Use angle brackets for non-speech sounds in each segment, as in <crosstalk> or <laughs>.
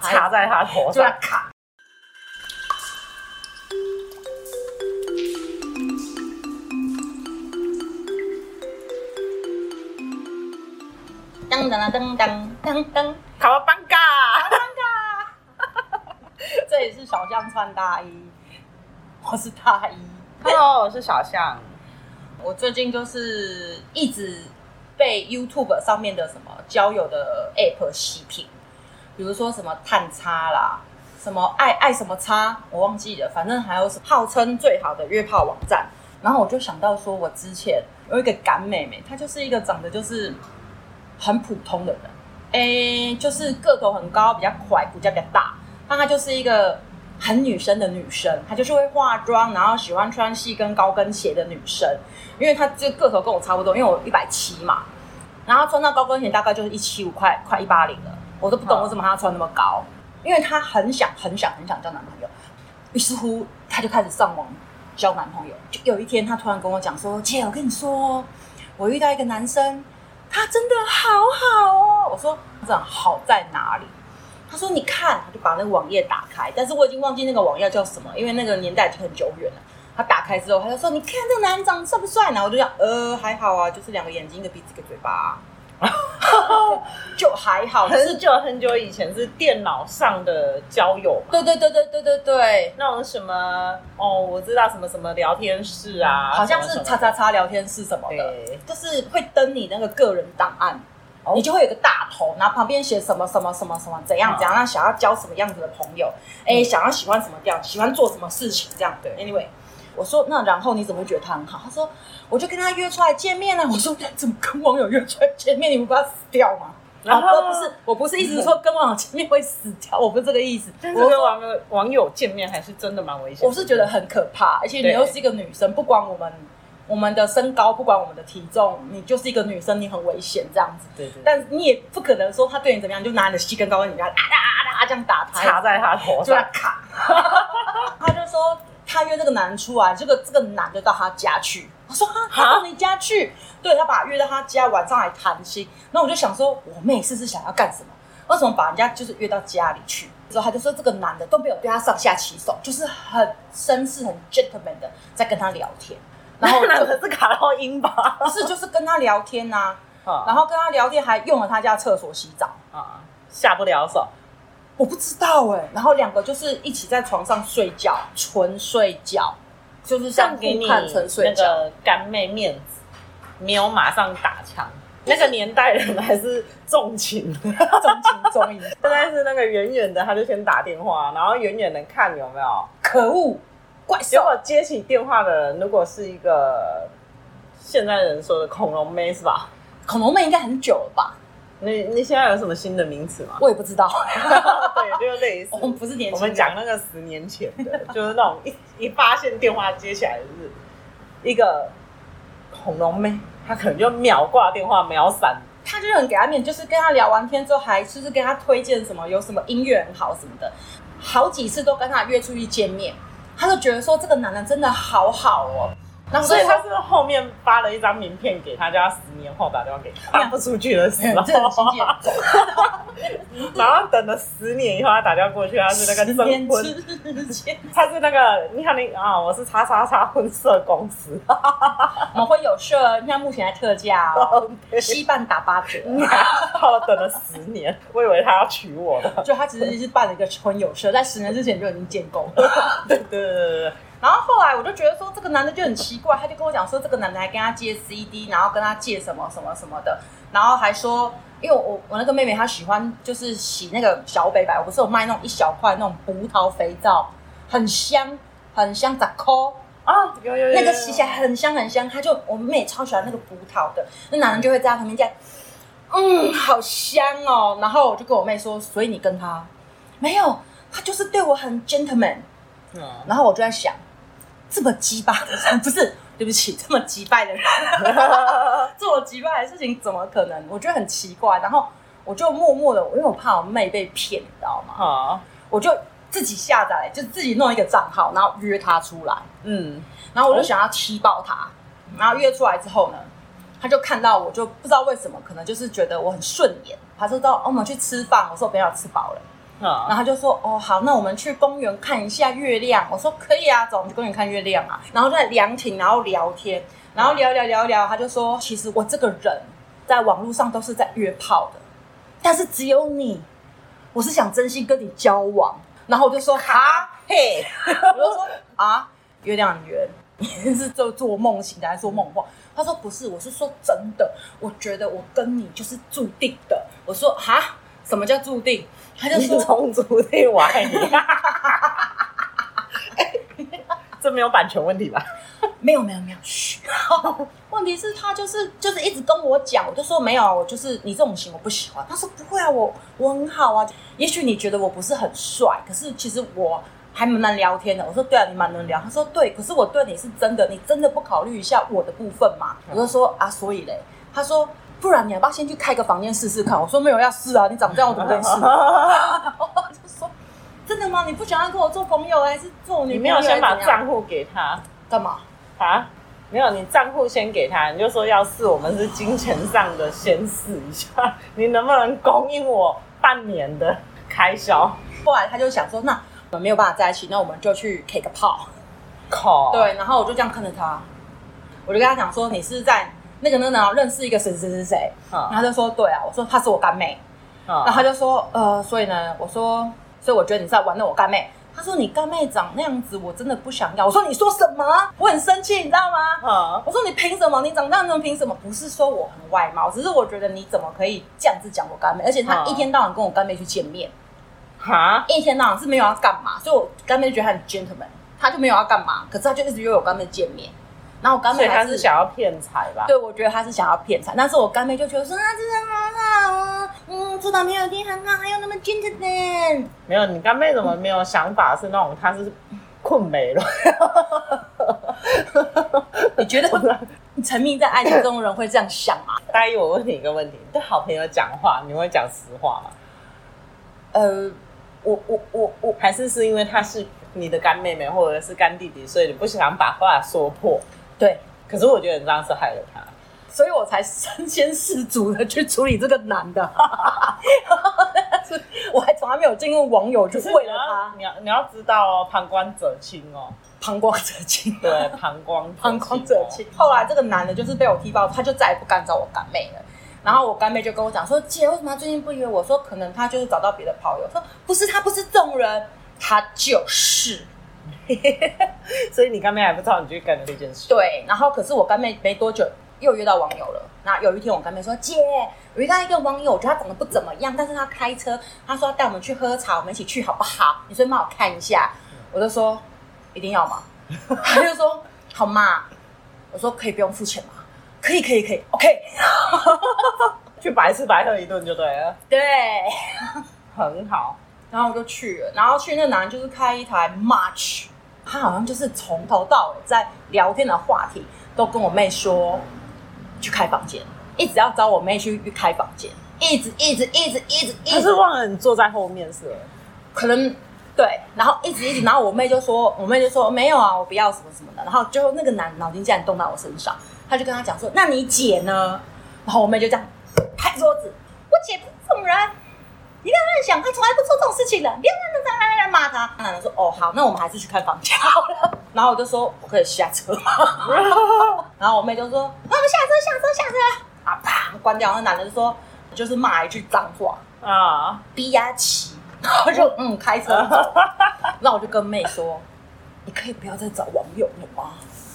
插在他頭上。卡。噔噔噔噔噔，噔，噔，噔卡班嘎！卡班嘎！卡班嘎！哈哈哈哈哈！ <laughs> 這裡是小象穿大衣，我是大衣。Hello，我是小象。我最近就是一直被 YouTube 上面的什麼交友的 App 洗屏。比如說什麼探叉啦，什麼愛愛什麼叉，我忘記了。反正還有號稱最好的約炮網站。然後我就想到說，我之前有一個乾妹妹，她就是一個長得就是很普通的人，誒，就是個頭很高，比較快，骨架比較大。她她就是一個很女生的女生，她就是會化妝，然後喜歡穿細跟高跟鞋的女生。因為她這個頭跟我差不多，因為我一百七嘛，然後穿到高跟鞋大概就是一七五，快快一八零了。我都不懂我為什麼他要穿那麼高，因為她很想很想很想交男朋友，於是乎她就開始上網交男朋友。就有一天她突然跟我講說：“姐，我跟你說，我遇到一個男生，他真的好好哦。”我說：“這好在哪裡？”她說：“你看，他就把那個網頁打開，但是我已經忘記那個網頁叫什麼，因為那個年代已經很久遠了。”她打開之後，她就說：“你看，這個男人長得帥不帥呢？”我就講：“呃，還好啊，就是兩個眼睛、一個鼻子、一個嘴巴、啊。” <laughs> <laughs> 就還好，很久很久以前是電腦上的交友嘛，對，對對對對對對對，那種什麼哦，我知道什麼什麼聊天室啊，好像是叉叉叉聊天室什麼的，就是會登你那個個人檔案，你就會有個大頭，然後旁邊寫什麼什麼什麼什麼，怎樣怎樣，那、嗯、想要交什麼樣子的朋友，哎、欸嗯，想要喜歡什麼樣，喜歡做什麼事情這樣，對，anyway。我說，那然後你怎麼會覺得他很好？他說，我就跟他約出來見面了。我說，怎麼跟網友約出來見面？你們不要死掉嗎？然、啊、後、啊啊、不是、嗯、我不是意思說跟網友見面會死掉，我不是這個意思。我跟網友網友見面還是真的蠻危險。我是覺得很可怕，而且你又是一個女生，不管我們我們的身高，不管我們的體重，你就是一個女生，你很危險這樣子。對對。但是你也不可能說他對你怎麼樣，就拿你的細跟高跟鞋啊達啊達啊達這樣打他，插在他頭上，咔。 <laughs> <laughs> 他就說。他約這個男出來，這個這個男的到他家去，我說，啊、他說到你家去，對，他把他約到他家晚上來談心。那我就想說，我妹是不是想要幹什麼？為什麼把人家就是約到家裡去？之後他就說，這個男的都沒有對他上下其手，就是很紳士、很 gentleman 的在跟他聊天。可能 <laughs> 是卡到陰吧，不 <laughs> 是就是跟他聊天吶、啊、嗯，然後跟他聊天還用了他家廁所洗澡啊、嗯，下不了手。我不知道哎、欸，然後兩個就是一起在床上睡覺，純睡覺，就是像看純睡給你那個乾妹面子，沒有馬上打槍。那個年代人還是重情， <laughs> 重情重義。現 <laughs> 在是那個遠遠的，他就先打電話，然後遠遠的看你有沒有。可惡，怪獸！如果接起電話的人，如果是一個現在人說的恐龍妹是吧？恐龍妹應該很久了吧？你你現在有什麼新的名詞嗎？我也不知道， <laughs> 對，就是、類似。我們不是年輕人，我們講那個十年前的， <laughs> 就是那種一一發現電話接起來，就是 <laughs> 一個恐龍妹，她可能就秒掛電話秒閃，秒閃。她就是很給她面，就是跟她聊完天之後，還就是，是跟她推薦什麼，有什麼音樂很好什麼的，好幾次都跟她約出去見面，她就覺得說這個男人真的好好哦，喔。所以他是後面發了一張名片給他，叫他十年後打電話給他，放、嗯、不出去了，時候，嗯、 <laughs> <laughs> 然後等了十年以後，他打電話過去，他是那個徵婚，他是那個你看你啊，我是叉叉叉婚社公司，我們婚友社，你看目前還特價、哦，吸 <laughs> 半打八折。 <laughs> <laughs> <laughs> 等了十年，我以為他要娶我的。就他其實是辦了一個婚友社， <laughs> 在十年之前就已經建功。對對對對對。然後後來我就覺得說，這個男的就很奇怪，他就跟我講說，這個男的還跟他借 CD，然後跟他借什麼什麼什麼的，然後還說，因為我我那個妹妹她喜歡就是洗那個小北白，我不是有賣那種一小塊那種葡萄肥皂，很香很香咋摳啊，有有有，有那個洗起來很香很香，他就我妹、妹超喜歡那個葡萄的，那男人就會在他旁邊這樣。嗯，好香哦，然後我就跟我妹說，所以你跟他沒有，他就是對我很 gentleman，嗯，然後我就在想。這麼雞巴的人，不是對不起，這麼雞巴的人，這麼雞巴的事情怎麼可能？我覺得很奇怪。然後我就默默的，因為我怕我妹被騙，你知道嗎？啊、我就自己下載，就自己弄一個賬號，然後約她出來。嗯。然後我就想要踢爆她、嗯。然後約出來之後呢，她就看到我，就不知道為什麼，可能就是覺得我很順眼。她說到：“哦，我們去吃飯，我說我不要吃飽了。”然後他就說：“哦，好，那我們去公園看一下月亮。”我說：“可以啊，走，我們去公園看月亮啊。”然後在涼亭，然後聊天，然後聊一聊聊聊，他就說：“其實我這個人，在網絡上都是在約炮的，但是只有你，我是想真心跟你交往。”然後我就說：“啊，嘿， <laughs> 我就說啊，月亮很圓，你 <laughs> 是做做夢醒的還是做夢話？”他說：“不是，我是說真的，我覺得我跟你就是注定的。”我說：“啊。”什麼叫注定？他就說命中注定我愛你、 <laughs> 欸。這沒有版權問題吧？沒有沒有沒有。噓 <laughs> 問題是他就是就是一直跟我講，我就說沒有啊，我就是你這種型我不喜歡。他說不會啊，我我很好啊。也許你覺得我不是很帥，可是其實我還蠻能聊天的。我說對啊，你蠻能聊。他說對，可是我對你是真的，你真的不考慮一下我的部分嘛、嗯？我就說啊，所以嘞，他說。不然你要不要先去開個房間試試看。我說沒有要試啊，你長這樣，我怎麼敢試？我 <laughs> <laughs> 說真的嗎？你不想要跟我做朋友還是做你朋友？你沒有先把賬戶給他幹嘛啊？沒有，你賬戶先給他，你就說要試，我們是金錢上的先試一下， <laughs> 你能不能供應我半年的開銷、嗯？後來他就想說，那我們沒有辦法在一起，那我們就去開個炮。靠！對，然後我就這樣看着他，我就跟他講說，你是在。那個那個男然後認識一個誰誰誰誰，然後他就說對啊，我說他是我乾妹，嗯、然後他就說呃，所以呢，我說所以我覺得你是在玩弄我乾妹，他說你乾妹長那樣子，我真的不想要。我說你說什麼？我很生氣，你知道嗎？嗯、我說你憑什麼？你長大能憑什麼？不是說我很外貌，只是我覺得你怎麼可以這樣子講我乾妹？而且他一天到晚跟我乾妹去見面，哈、嗯，一天到晚是沒有要幹嘛，所以我乾妹覺得他很 gentleman，他就沒有要幹嘛，可是他就一直約我乾妹見面。那我乾妹是他是想要騙財吧？對，我覺得他是想要騙財。但是我乾妹就覺得說啊，真的很好啊，嗯，做男朋友一天很好，還有那麼堅定。沒有，你乾妹怎麼沒有想法？是那種他是困沒了？ <laughs> <laughs> <laughs> <laughs> 你覺得你沉迷在愛情中的人會這樣想嗎？大 E，我問你一個問題：對好朋友講話，你會講實話嗎？呃，我我我我還是是因為他是你的乾妹妹或者是乾弟弟，所以你不想把話說破。對，可是我覺得你當時害了他，所以我才身先士卒的去處理這個男的。 <laughs> 我還從來沒有進入網友，就為了他，你要你要，你要知道哦，旁觀者清哦，旁觀者清，對，旁觀、哦、旁觀者清。後來這個男的就是被我踢爆，他就再也不敢找我乾妹了。然後我乾妹就跟我講說，姐，為什麼他最近不約我？說可能他就是找到別的炮友。他說不是，他不是這種人，他就是。 <laughs> 所以你乾妹還不知道你去幹了這件事？對，然後可是我乾妹沒多久又約到網友了。那有一天我乾妹說：“姐，我約到一個網友，我覺得他長得不怎麼樣，但是他開車，他說帶我們去喝，喝茶，我們一起去好不好？”你先幫我看一下，嗯、我就說一定要嗎？ <laughs> 他就說好嘛，我說可以不用付錢嗎？可以可以可以，OK， <laughs> 去白吃白喝一頓就對了。對，很好。然後我就去了，然後去那男人就是開一台 March。他好像就是從頭到尾在聊天的話題，都跟我妹說去開房間，一直要找我妹去去開房間，一直一直一直一直一直，一直一直，他是忘了你坐在後面，是的。可能對，然後一直一直， <laughs> 然後我妹就說，我妹就說沒有啊，我不要什麼什麼的，然後最後那個男腦筋竟然動到我身上，他就跟他講說，那你姐呢？然後我妹就這樣拍桌子， <laughs> 我姐不是這種人。你不要亂想，他從來不做這種事情的。不要亂罵他。那男的說：“哦，好，那我們還是去開房間好了。 <laughs> ”然後我就說：“我可以下車 <laughs> <laughs> 然後我妹就說：“我、哦、們下車，下車，下車！”啊，啪，關掉。那男的就說：“就是罵一句髒話啊，逼呀起。”然後我就嗯，開車。那 <laughs> 我就跟妹說：“ <laughs> 你可以不要再找網友了嗎？”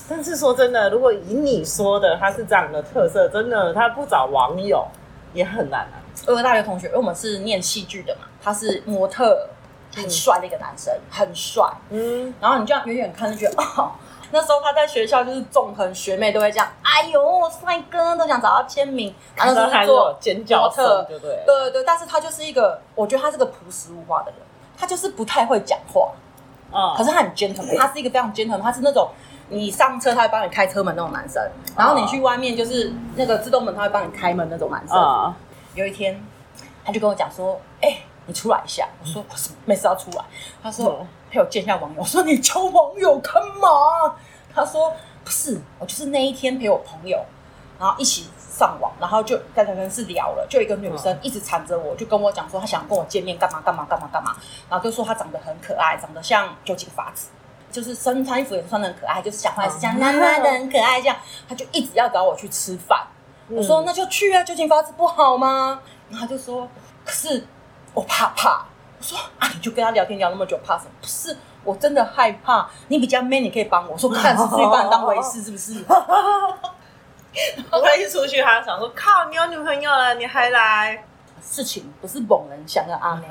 但是說真的，如果以你說的，他是這樣的特色，嗯、真的他不找網友也很難、啊。我有個大學同學，因為我們是念戲劇的嘛，他是模特，嗯、很帥的一個男生，很帥。嗯，然後你這樣遠遠看就覺得、哦，那時候他在學校就是縱橫學妹都會這樣，哎呦，帥哥，都想找到簽名。他是做剪腳特對，對對對，但是他就是一個，我覺得他是個樸實無華的人，他就是不太會講話、嗯。可是他很 gentleman 他是一個非常 gentleman 他是那種你上車他會幫你開車門那種男生、嗯，然後你去外面就是那個自動門他會幫你開門那種男生。嗯嗯有一天，他就跟我講說：“哎、欸，你出來一下。”我說：“我什麼沒事要出來？”他說：“嗯、陪我見一下網友。”我說：“你求網友幹嘛、嗯？”他說：“不是，我就是那一天陪我朋友，然後一起上網，然後就大家跟是聊了，就一個女生一直纏着我，就跟我講說她想跟我見面，幹嘛幹嘛幹嘛幹嘛，然後就說她長得很可愛，長得像就幾個发子，就是身穿衣服也是穿的很可愛，就是講話也是像媽媽的很可愛，嗯、這樣他就一直要找我去吃飯。”我說、嗯、那就去啊，就近發制不好嗎？然後他就說，可是我怕怕。我說啊，你就跟他聊天聊那麼久，怕什麼？不是我真的害怕。你比較 man，你可以幫我，我說看，是不是把人當回事，是不是？我可以一出去，他想說， <laughs> 靠，你有女朋友了，你還來？事情不是猛人想要阿妹，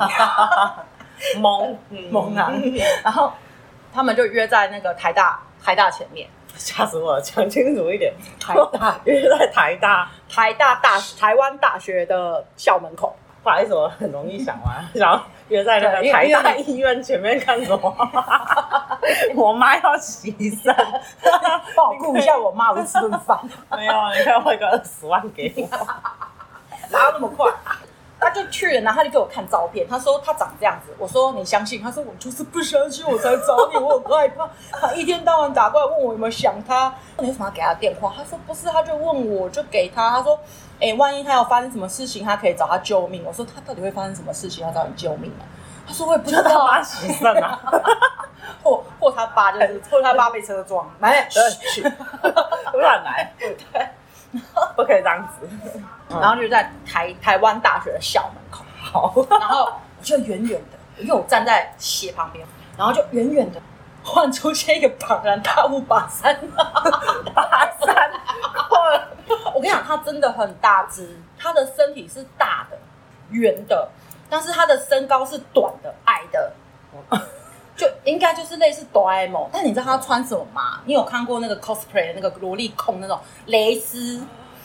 猛猛啊。 <laughs> 然後他們就約在那個台大台大前面。嚇死我了！講清楚一點，台大， <laughs> 約在台大，大，台大大台灣大學的校門口。不好意思，我很容易想完，然、嗯、後約在那個台大醫院前面看什麼？ <laughs> 我媽要洗衫，照 <laughs> 顧一下我媽，的吃頓飯。沒有，你看匯個二十萬給我，哪 <laughs> 有，啊、那麼快？他就去了，然後他就給我看照片。他說他長這樣子。我說你相信？他說我就是不相信，我才找你。 <laughs> 我很害怕。他一天到晚打過來問我有沒有想他。 <laughs> 你為什麼要給他電話？他說不是，他就問我就給他。他說，哎、欸，萬一他要發生什麼事情，他可以找他救命。我說他到底會發生什麼事情要找你救命？他說我也不知道不他發生什麼了。 <laughs> 或或他爸就是 <laughs> 或他爸被車撞 <laughs> 等 <laughs> 來去亂來 <laughs> 對。不可 <laughs> 以、okay，這樣子，嗯，然後就在台台灣大學的校門口，好，然後我 <laughs> 就遠遠的，因為我站在鞋旁邊，嗯，然後就遠遠的，忽然出現一個龐然大物，把山， <laughs> 打山， <laughs> <laughs> 我跟你講，他真的很大只，他的身體是大的、圓的，但是他的身高是短的、矮的。嗯 <laughs> 就應該就是類似哆啦 A 夢，但你知道他穿什麼嗎？你有看過那個 cosplay 那個蘿莉控那種蕾絲，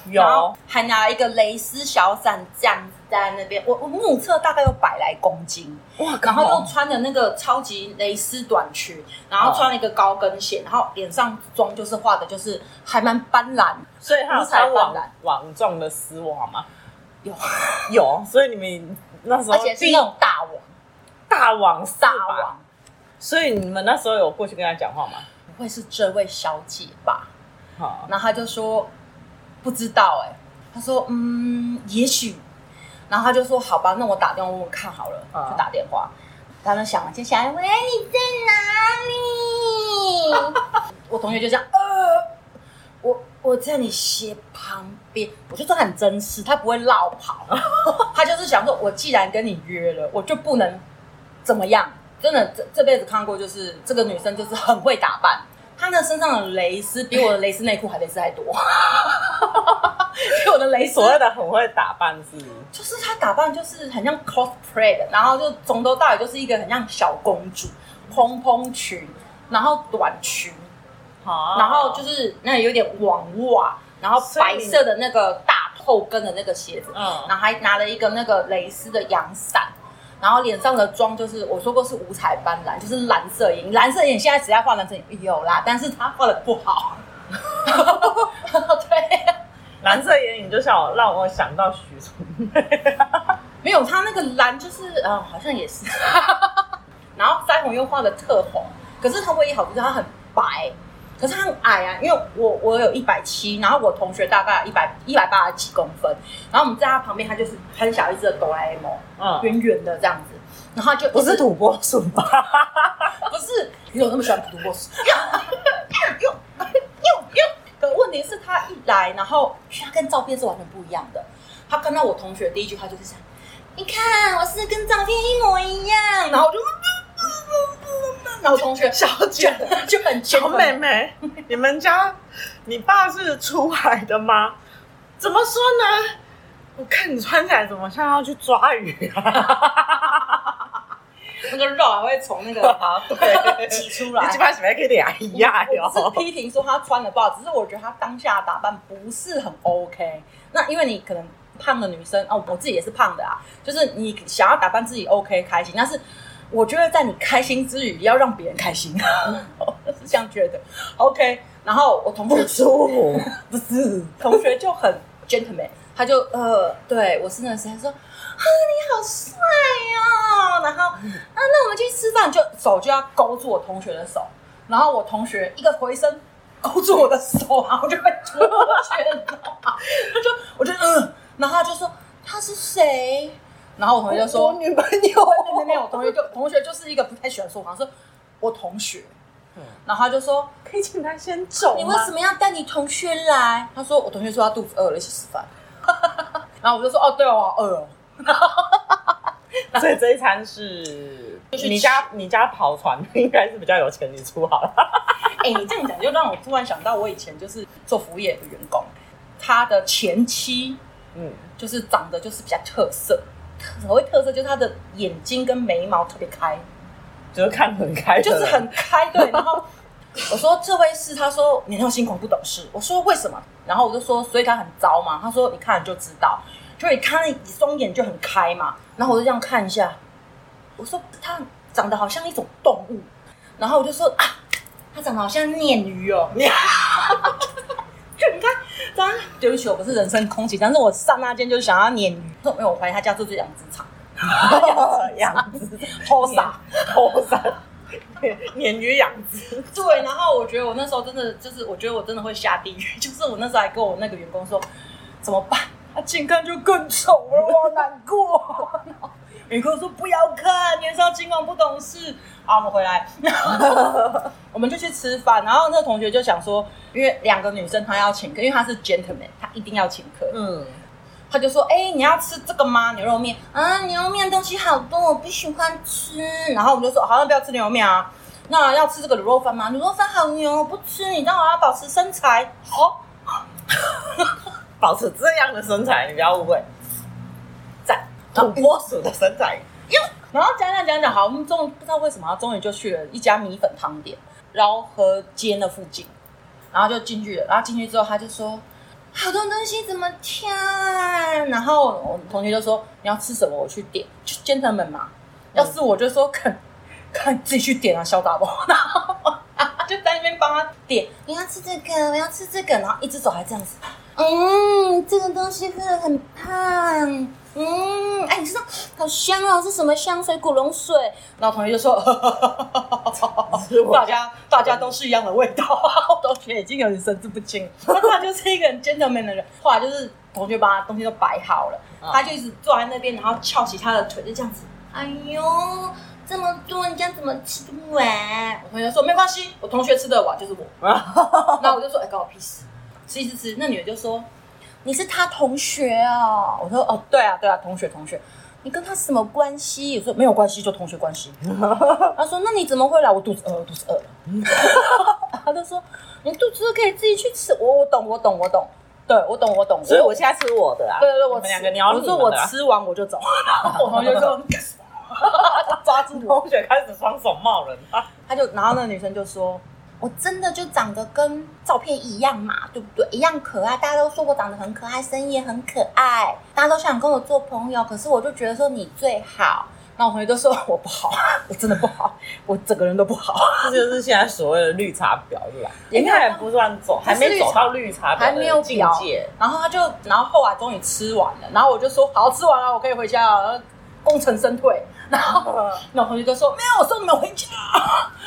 有，還拿一個蕾絲小傘站在那邊。我我目測大概有百來公斤，哇，然後又穿的那個超級蕾絲短裙，然後穿了一個高跟鞋，然後臉上妝就是畫的，就是還蠻斑斕，所以他才網網狀的絲襪嗎？有有， <laughs> 所以你們那時候而且是那種大王，大王，撒網。大王所以你們那時候有過去跟他講話嗎？不會是這位小姐吧？好、oh.，然後他就說不知道哎、欸，他說嗯，也許，然後他就說好吧，那我打電話問問看好了，就、oh. 打電話。他們想接下來，喂，你在哪裡？ <laughs> 我同學就這樣，呃，我我在你鞋旁邊。我就說很真實，他不會落跑，oh. <laughs> 他就是想說，我既然跟你約了，我就不能怎麼樣。真的，這這輩子看過就是這個女生就是很會打扮，她那身上的蕾絲比我的蕾絲內褲還蕾絲還多， <laughs> 比我的蕾絲。所謂的很會打扮是，是？就是她打扮就是很像 cosplay 的，然後就從頭到尾就是一個很像小公主，蓬蓬裙，然後短裙，好、oh.，然後就是那有點網襪，然後白色的那個大厚跟的那個鞋子，嗯，然後還拿了一個那個蕾絲的陽傘。然後臉上的妝就是我說過是五彩斑斕，就是藍色眼影藍色眼影。現在只要畫藍色眼影有啦，但是它畫的不好， <laughs> <laughs> 對、啊，藍色眼影就像我讓我想到許嵩， <laughs> 沒有它那個藍就是、呃、好像也是， <laughs> 然後腮紅又畫的特紅，可是他唯一好就是它很白。可是他很矮啊，因為我我有一百七，然後我同學大概一百一百八十幾公分，然後我們在他旁邊，他就是很小一只的哆啦 A 夢，嗯，圓圓的這樣子，然後就不是，是土撥鼠嗎？不是，你有那麼喜歡土撥鼠？又又又！可問題是他一來，然後他跟照片是完全不一樣的。他看到我同學第一句話就是想 <laughs> 你看，我是跟照片一模一樣， <laughs> 然後我就。老同學，小姐就很小妹妹。 <laughs> 你們家，你爸是出海的嗎？怎麼說呢？我看你穿起來怎麼像要去抓魚啊？ <laughs> 那個肉還會從那個、 <laughs> 啊、對擠出來，擠出來可以兩一壓。我是批評說他穿的不好， <laughs> 只是我覺得他當下的打扮不是很 OK。 <laughs> 那因為你可能胖的女生、哦、我自己也是胖的啊，就是你想要打扮自己 OK 開心，但是。我覺得在你開心之餘，也要讓別人開心，嗯、 <laughs> 是這樣覺得。OK，然後我同學說我不， <laughs> 不是 <laughs> 同學就很 gentleman，他就呃，對我是那個時他說啊，你好帥哦，然後、嗯、啊，那我們去吃飯，就手就要勾住我同學的手，然後我同學一個回身勾住我的手， <laughs> 然後我就被捉奸了， <laughs> 他就，我就嗯、呃，然後他就說他是誰。然後我同學就說：“我女朋友。”沒有，同學就 <laughs> 同學就是一個不太喜歡說謊，我說我同學、嗯。然後他就說：“可以請他先走。啊”你為什麼要帶你同學來？他說：“我同學說他肚子餓了，一起吃飯。 <laughs> ”然後我就說：“哦，對哦，我好餓哦。 <laughs> 然後”所以這一餐是就是你家你家跑船應該是比較有錢，你出好了。哎、 <laughs> 欸，你這樣講 <laughs> 就讓我突然想到，我以前就是做服務業的員工，他的前妻，嗯，就是長得就是比較特色。所謂特色，就是他的眼睛跟眉毛特別開，就是看很開，就是很開。對，然後我說這位是，他說年輕辛苦不懂事。我說為什麼？然後我就說，所以他很糟嘛。他說你看就知道，就你看一雙眼就很開嘛。然後我就這樣看一下，我說他長得好像一種動物。然後我就說啊，他長得好像鯰魚哦。 <laughs> 你看，當，對不起，我不是人生空氣，但是我剎那間就是想要鯰魚。因為，我懷疑他家住是養殖場，養 <laughs> 殖， <laughs> 殖，好傻，好 <laughs> 傻佛殺，鯰魚養殖。對，然後我覺得我那時候真的就是，我覺得我真的會下地獄。就是我那時候還跟我那個員工說，怎麼辦？他近看就更醜了，我好難過。 <laughs> <laughs> 你哥說不要看，年少輕狂不懂事。啊，我們回來，然後我們就去吃飯。然後那個同學就想說，因為兩個女生她要請客，因為她是 gentleman，她一定要請客。嗯，她就說，哎、欸，你要吃這個嗎？牛肉麵啊，牛肉面東西好多，我不喜歡吃。然後我們就說，好像，不要吃牛肉麵啊，那要吃這個滷肉飯嗎？滷肉飯好牛，不吃。你待會要保持身材，好、哦， <laughs> 保持這樣的身材，你不要誤會。很窩鼠的身材、嗯，然後講講講講好，我們終於不知道為什麼終於就去了一家米粉湯店，然後饒河街那附近，然後就進去了，然後進去之後他就說好多東西怎麼挑、啊，然後我同學就說、嗯、你要吃什麼我去點，就 gentleman 嘛，要是我就說看看自己去點啊，小打包，然後我、啊、就在那邊幫他點，你要吃這個，我要吃這個，然後一直走還這樣子，嗯，這個東西真的很胖。嗯，哎，你說好香哦，是什麼香水？古龍水？然後同學就說，我家 <laughs> 大家大家都是一樣的味道， <laughs> 我都覺得已經有點神志不清。那 <laughs> 他就是一個很 gentleman 的人。後來就是同學把東西都擺好了，哦，他就一直坐在那邊，然後翹起他的腿，就這樣子。哎呦，這麼多，你這樣怎麼吃不完？ <laughs> 我同學就說沒關係，我同學吃的碗就是我，啊。然後我就說， <laughs> 哎，關我屁事，peace, 吃吃吃。那女人就說。你是他同學啊、哦？我說哦，對啊，對啊，同學同學。你跟他什麼關係？我說沒有關係，就同學關係。 <laughs> 他說那你怎麼會來？我肚子餓，我肚子餓。 <laughs> <laughs> 他就說你肚子都可以自己去吃。我我懂，我懂，我懂。對，我懂，我懂。所以我現在吃我的啊。對對我我吃。我說我吃完我就走。 <laughs> 我同學說， <laughs> <laughs> 抓住我 <laughs> 同學開始雙手冒人。 <laughs> 他就然後那女生就說。我真的就長得跟照片一樣嘛，對不對？一樣可愛，大家都說我長得很可愛，聲音也很可愛，大家都想跟我做朋友。可是我就覺得說你最好，那我同學都說我不好，我真的不好，我整個人都不好。 <laughs> 這就是現在所謂的綠茶婊，對吧？也、欸、還不算走，還沒走到綠茶婊的境界，還沒有。然後他就，然後後來終於吃完了，然後我就說好，吃完了，我可以回家了，功成身退。然後、嗯、那我同學就說沒有，我送你們回家。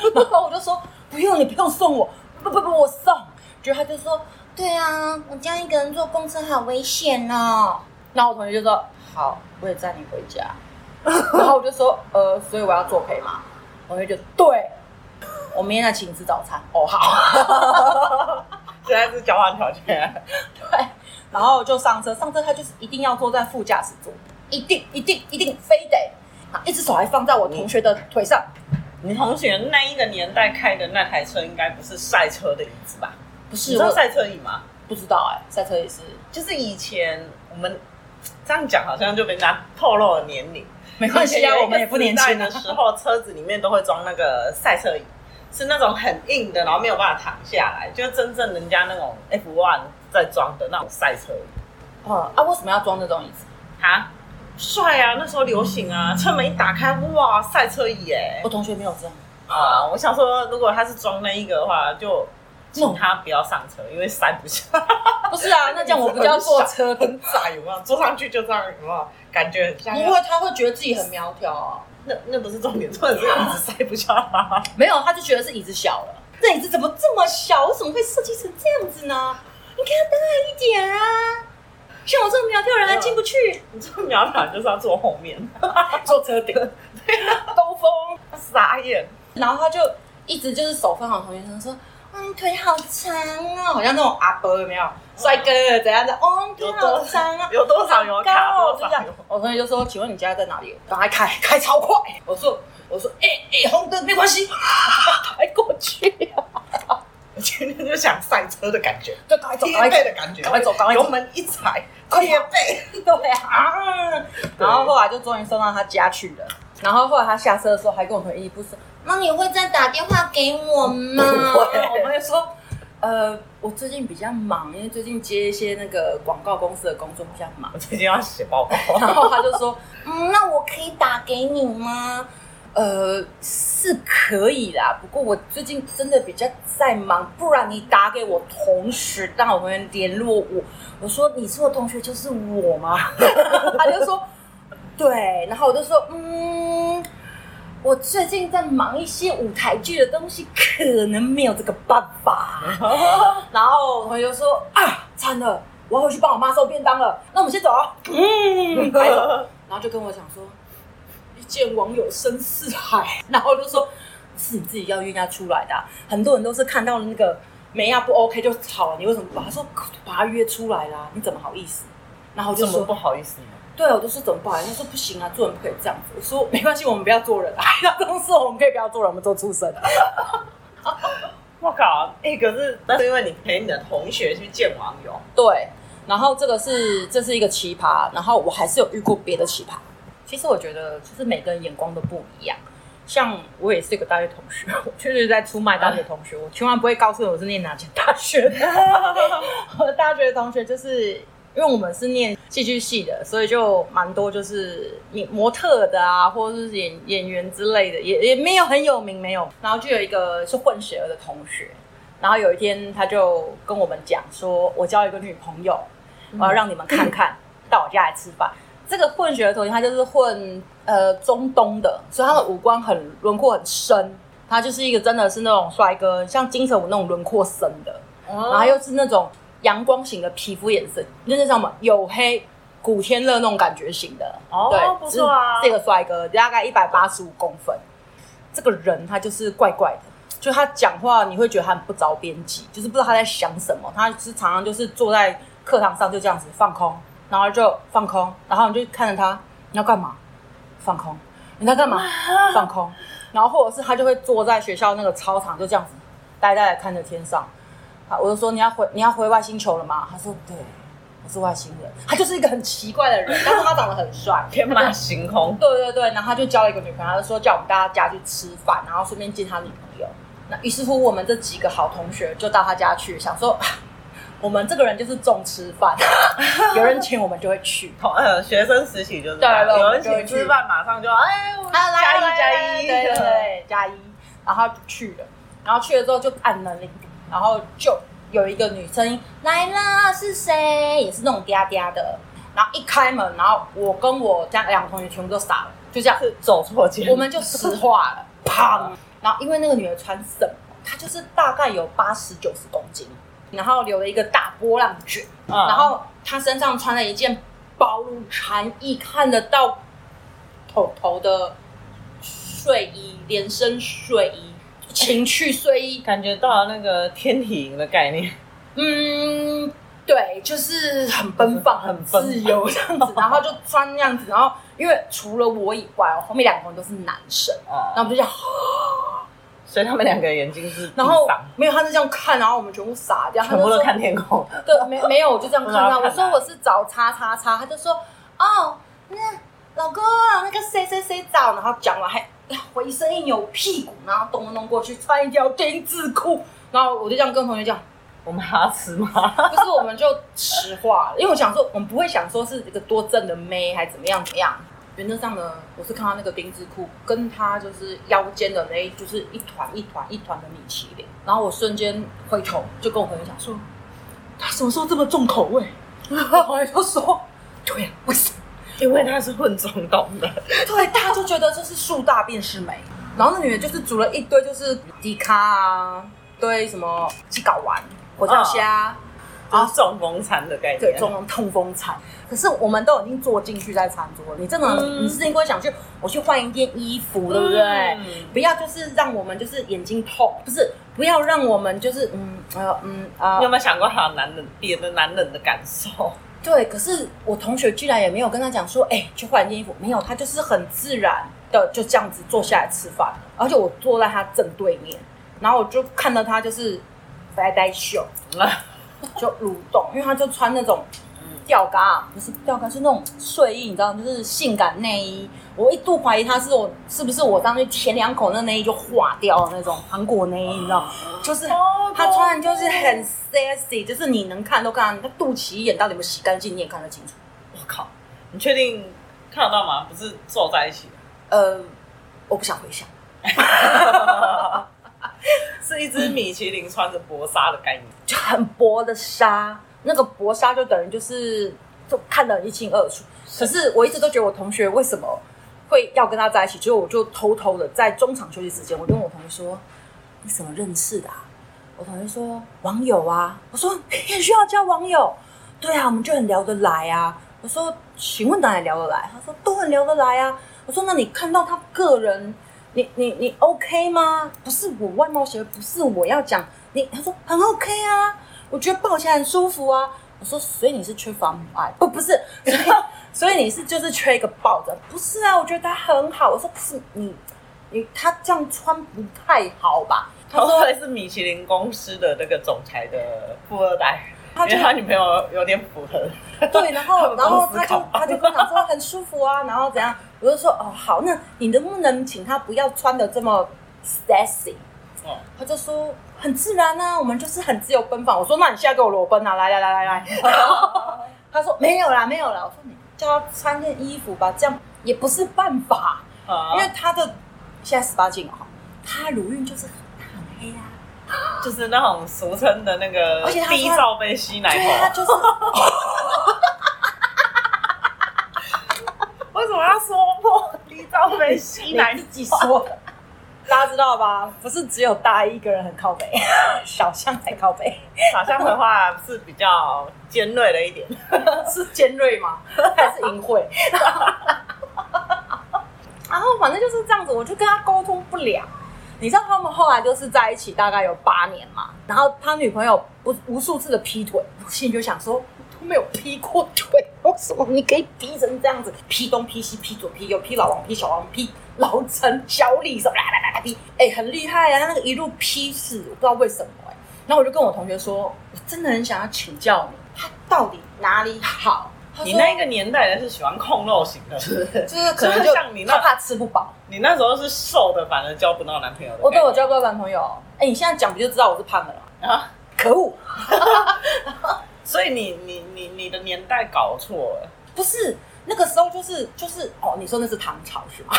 嗯、 <laughs> 然後我就說。不用，你不用送我。不不不，我送。結果他就說：“對啊，我這樣一個人坐公車好危險哦。”那我同學就說：“好，我也載你回家。 <laughs> ”然後我就說：“呃，所以我要作陪嘛。 <laughs> ”同學就：“對， <laughs> 我明天再請你吃早餐。”哦，好， <laughs> 現在是交換條件、啊。對，然後我就上車，上車他就是一定要坐在副駕駛座，一定一定一定非得，啊，一隻手還放在我同學的腿上。嗯你同學那一個年代開的那台車，應該不是賽車的椅子吧？不是，你知道賽車椅嗎？不知道哎、欸，賽車椅是，就是以前我們這樣講，好像就被人家透露了年齡。沒關係、啊，因為我們也不年輕的時候、啊，車子裡面都會裝那個賽車椅，是那種很硬的，然後沒有辦法躺下來，就是真正人家那種 F 1在裝的那種賽車椅。哦啊，為什麼要裝這種椅子？啊？帥啊，那時候流行啊，車門一打開，哇，賽車椅哎！我同學沒有這樣啊，我想說，如果他是裝那一個的話，就請他不要上車，嗯、因為塞不下。不是啊，那這樣我不叫坐車很,很窄有沒有？坐上去就這樣有沒有？感覺很像。不過他會覺得自己很苗條啊、喔。那那不是重點，重點椅子塞不下了、啊。沒有，他就覺得是椅子小了。這椅子怎麼這麼小？我怎麼會設計成這樣子呢？你看大一點啊！像我這麼苗條人還進不去。你這麼苗條就是要坐後面， <laughs> 坐車頂頂，對 <laughs> 啊，兜風，傻眼，然後他就一直就是手放好，同學生說，嗯，腿好長哦，好像那種阿伯有沒有？帥哥怎樣的？哦，腿好長啊，有多長有啊？我同學就說，請問你家在哪裡？剛才開，開超快。我說，我說，哎、欸、哎、欸，紅燈沒關係， <laughs> 還過去、啊。 <laughs> 前面就想賽車的感覺，就趕快準備的感覺，趕快走，趕快油門一踩，快準備，對，啊，對，啊，對啊，啊，然後後來就終於送到他家去了。然後後來他下車的時候還跟我依依不捨說，那你會再打電話給我嗎？會。我跟他說，呃，我最近比較忙，因為最近接一些那個廣告公司的工作比較忙，我最近要寫報告。然後他就說， <laughs> 嗯，那我可以打給你嗎？呃，是可以啦，不過我最近真的比較在忙，不然你打給我同學，讓我們聯絡我。我說你說的同學就是我嗎？ <laughs> 他就說對，然後我就說嗯，我最近在忙一些舞台劇的東西，可能沒有這個辦法。 <laughs> <laughs> 然後我就說啊，慘了，我要回去幫我媽收便當了，那我們先走啊、哦，嗯，拜、嗯、拜。然後就跟我講說。見網友深似海，然後我就說，是你自己要約人家出來的，啊。很多人都是看到了那個美亞不 OK 就吵了，你為什麼把他說把他約出來啦，啊？你怎麼好意思？然後我就說不好意思。對，我就說怎麼不好意思？他說不行啊，做人不可以這樣子。我說沒關係，我們不要做人，啊。哎呀，這種事我們可以不要做人，我們做畜生。 <laughs> 我靠！哎，欸，可是那是因為你陪你的同學去見網友。對，然後這個是這是一個奇葩，然後我還是有遇過別的奇葩。其實我覺得，就是每個人眼光都不一樣。像我也是一個大學同學，我確實在出賣大學同學，我千萬不會告訴我是念哪間大學的。 <laughs> 我的大學同學就是因為我們是念戲劇系的，所以就蠻多就是演模特的啊，或者是演演員之類的，也也沒有很有名，沒有。然後就有一個是混血兒的同學，然後有一天他就跟我們講說：“我交一個女朋友，我要讓你們看看，嗯、到我家來吃飯。”這個混血的頭型，他就是混呃中東的，所以他的五官很輪廓很深，他就是一個真的是那種帥哥，像金城武那種輪廓深的，oh. 然後又是那種陽光型的皮膚顏色，就是像什麼黝黑古天樂那種感覺型的，oh, 對，不錯啊。這個帥哥大概一百八十五公分，oh. 這個人他就是怪怪的，就他講話你會覺得他很不着邊際，就是不知道他在想什麼，他是常常就是坐在課堂上就這樣子放空。然後就放空，然後你就看着他，你要幹嘛？放空，你在幹嘛？Oh、放空。然後或者是他就會坐在學校那個操場，就這樣子，呆呆的看着天上。我就說，你要回你要回外星球了嗎？他說對，我是外星人。他就是一個很奇怪的人，但是他長得很帥。 <laughs> 天馬行空。對對對，然後他就交了一個女朋友，他就說叫我們大家家去吃飯，然後順便見他女朋友。那於是乎我們這幾個好同學就到他家去，想說。我們這個人就是重吃飯， <laughs> 有人請我們就會去。 <laughs> 學生時期就是對對對，有人請吃飯，馬上就哎，我加一加一，加一，對，對對，加一，然後去了，然後去了之後就按門鈴，然後就有一個女生 <laughs> 來了，是誰？也是那種嗲嗲的，然後一開門，然後我跟我家兩個同學全部都傻了，就這樣是走錯間，我們就石化了， <laughs> 啪！然後因為那個女的穿什麼，她就是大概有八十、九十公斤。然後留了一個大波浪捲，嗯、然後他身上穿了一件薄如蟬翼，看得到頭頭的睡衣，連身睡衣，情趣睡衣，感覺到了那個天體營的概念。嗯，對，就是很奔放，就是、很，奔放很自由這樣子，然後就穿那樣子，然後因為除了我以外，我後面兩個人都是男生、嗯，然那我們就叫。呵所以他們兩個眼睛是，然後沒有，他是這樣看，然後我們全部傻掉，很多人看天空。對，沒沒有，我 <laughs> 就這樣看他。我說我是找叉叉叉，他就說哦，那老哥、啊、那個誰誰誰找，然後講完還回身一扭屁股，然後咚咚咚過去穿一條丁字褲，然後我就這樣跟同學講，我們還要吃嗎？ <laughs> 不是，我們就實話了，因為我想說，我們不會想說是一個多正的妹，還怎麼樣怎麼樣。原則上呢，我是看到那個丁字褲，跟他就是腰間的那一就是一團一團一團的米其林，然後我瞬間回頭就跟我朋友講說，他什麼時候這麼重口味？朋友就說，對呀、啊，為什麼？因為他是混中東的、喔，對，大家就覺得這是樹大便是美，然後那女的就是煮了一堆就是迪卡啊，堆什麼雞睾丸、火跳蝦。啊，中、就是、風餐的概念，對，中風痛風餐。可是我們都已經坐進去在餐桌了，你真的、嗯、你是因為想去，我去換一件衣服，對不對、嗯？不要就是讓我們就是眼睛痛，不是，不要讓我們就是嗯呃嗯啊。呃、你有沒有想過好男人別人男人的感受？對，可是我同學居然也沒有跟他講說，哎、欸，去換一件衣服，沒有，他就是很自然的就這樣子坐下來吃飯，而且我坐在他正對面，然後我就看到他就是白帶袖。嗯就蠕動，因為他就穿那種吊嘎，不是吊嘎，是那種睡衣，你知道，就是性感內衣。我一度懷疑他是我，是不是我當時舔兩口那內衣就化掉的那種韓國內衣，你知道？就是他穿就是很 sexy，就是你能看都看到，看肚臍眼到底有沒有洗乾淨，你也看得清楚。我靠，你確定看得到嗎？不是坐在一起啊？呃，我不想回想。 <laughs> <laughs> <laughs> 是一隻米其林穿着薄紗的概念， <noise> 就很薄的紗，那個薄紗就等於就是就看得一清二楚。可是我一直都覺得我同學為什麼會要跟他在一起，之後我就偷偷的在中場休息時間，我跟我同學說：“ <noise> 你怎麼認識的啊？”我同學說：“網友啊。”我說：“也需要交網友？”對啊，我們就很聊得來啊。我說：“請問哪裡聊得來？”他說：“都很聊得來啊。”我說：“那你看到他個人？”你你你 OK 嗎？不是我外貌協會，不是我要講你。他說很 OK 啊，我覺得抱起來很舒服啊。我說，所以你是缺乏母愛，不不是，所以所以你是就是缺一個抱着。不是啊，我覺得他很好。我說是你，你你他這樣穿不太好吧？他說還是米其林公司的那個總裁的富二代。他覺得他女朋友有點符合。 <laughs> 對，然後然後，然後他就 <laughs> 他就跟他說很舒服啊，然後怎樣？我就說哦好，那你能不能請他不要穿的這麼 sexy？哦、嗯，他就說很自然呢、啊，我們就是很自由奔放。我說那你現在給我裸奔啊，來來來來來， <laughs> <laughs> 他說沒有啦沒有啦。我說你叫他穿件衣服吧，這樣也不是辦法，嗯、因為他的現在十八禁哦，他如願就是。就是那種俗稱的那個他他低罩杯，吸奶泡，對，他就是。 <laughs> <laughs> 為什麼要說破低罩杯？吸奶？你你自己說的， <laughs> 大家知道吧？不是只有大一個人很靠北， <laughs> 小象才靠北。小象的話是比較尖銳的一點，是尖銳嗎？還 <laughs> 是淫穢？ <laughs> 然後， <laughs> 然後反正就是這樣子，我就跟他溝通不了。你知道他們後來就是在一起，大概有八年嘛。然後他女朋友不無數次的劈腿，我心裡就想說，我都沒有劈過腿，為什麼你可以劈成這樣子？劈東劈西，劈左劈右，劈老王劈小王劈，劈老陳小李什麼啦啦啦啦劈，哎，欸，很厲害啊！他那個一路劈死，我不知道為什麼，欸，然後我就跟我同學說，我真的很想要請教你，他到底哪裡好？你那個年代人是喜歡控肉型的，是的，就是可能就像你那怕，怕吃不飽。你那時候是瘦的，反而交不到男朋友的。我對我交不到男朋友，哎、欸，你現在講不就知道我是胖的了啊？可惡！ <laughs> 所以你你你你的年代搞錯了，不是那個時候就是就是哦，你說那是唐朝是嗎？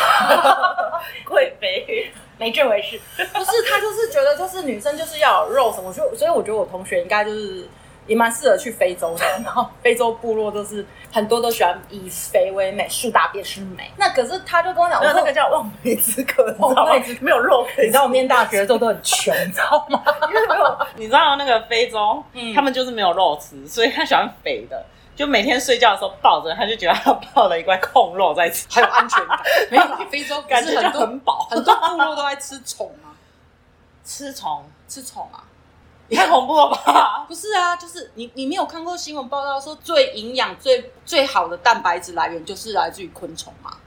貴 <laughs> 妃沒這回事，不、就是他就是覺得就是女生就是要有肉什麼，所以所以我覺得我同學應該就是。也蠻適合去非洲的，然後非洲部落都是很多都喜歡以肥為美，樹、嗯、大便是美。那可是他就跟我講，我說那個叫望梅止渴，你、哦哦、知道沒有肉，你知道我念大學的時候都很窮， <laughs> 知道嗎？因為沒有， <laughs> 你知道那個非洲、嗯，他們就是沒有肉吃，所以他喜歡肥的，就每天睡覺的時候抱着，他就覺得他抱着一塊控肉在吃， <laughs> 還有安全感。 <laughs> 沒有非洲，感覺很飽。很多部落都在吃蟲啊， <laughs> 吃蟲，吃蟲啊。太恐怖了吧,吧？不是啊，就是你，你沒有看過新聞報道說最營養、最最好的蛋白質來源就是來自於昆蟲嗎？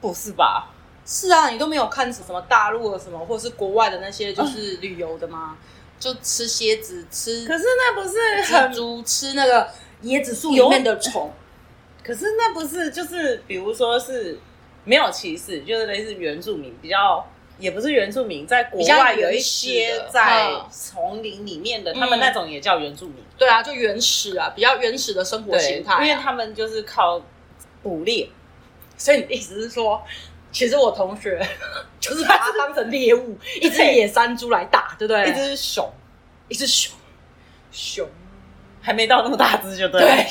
不是吧？是啊，你都沒有看什麼大陸的什麼，或者是國外的那些就是旅遊的嗎？嗯、就吃蠍子，吃可是那不是很豬吃那個椰子樹裡面的蟲。可是那不是就是比如說是沒有歧視，就是類似原住民比較。也不是原住民，在國外有一些在叢林裡面的、嗯，他們那種也叫原住民、嗯。對啊，就原始啊，比較原始的生活形態、啊，因為他們就是靠捕獵。所以你意思是說，其實我同學就是把它當成獵物，一隻野山豬來打，對不對？一隻熊，一隻熊，熊還沒到那麼大隻就對，對。